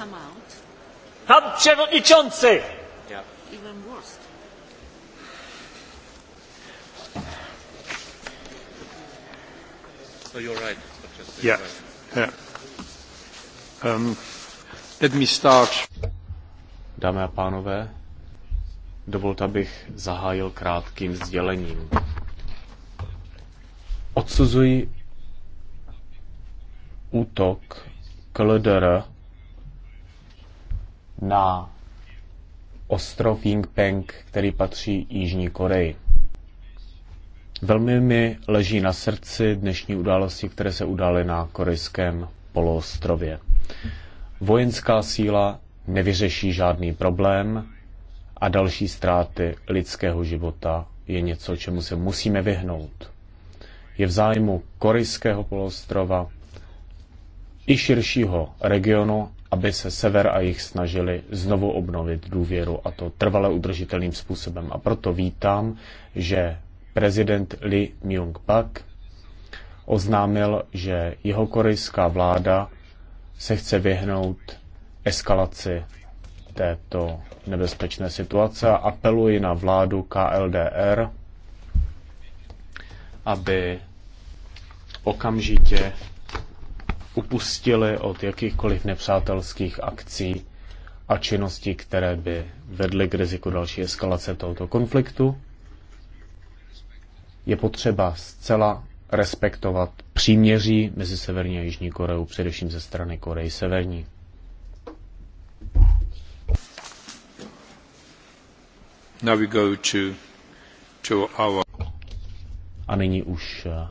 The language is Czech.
come out. przewodniczący! Yeah. Even worse. So you're right. Yeah. yeah. Um, let me start. Dámy a pánové, dovolte, abych zahájil krátkým sdělením. Odsuzuji útok KLDR na ostrov Yingpeng, který patří Jižní Koreji. Velmi mi leží na srdci dnešní události, které se udaly na korejském poloostrově. Vojenská síla nevyřeší žádný problém a další ztráty lidského života je něco, čemu se musíme vyhnout. Je v zájmu korejského poloostrova i širšího regionu aby se sever a jich snažili znovu obnovit důvěru a to trvale udržitelným způsobem. A proto vítám, že prezident Lee Myung-pak oznámil, že jeho korejská vláda se chce vyhnout eskalaci této nebezpečné situace a apeluji na vládu KLDR, aby okamžitě upustili od jakýchkoliv nepřátelských akcí a činností, které by vedly k riziku další eskalace tohoto konfliktu. Je potřeba zcela respektovat příměří mezi Severní a Jižní Koreou, především ze strany Koreji Severní. Now we go to, to our... A nyní už eh,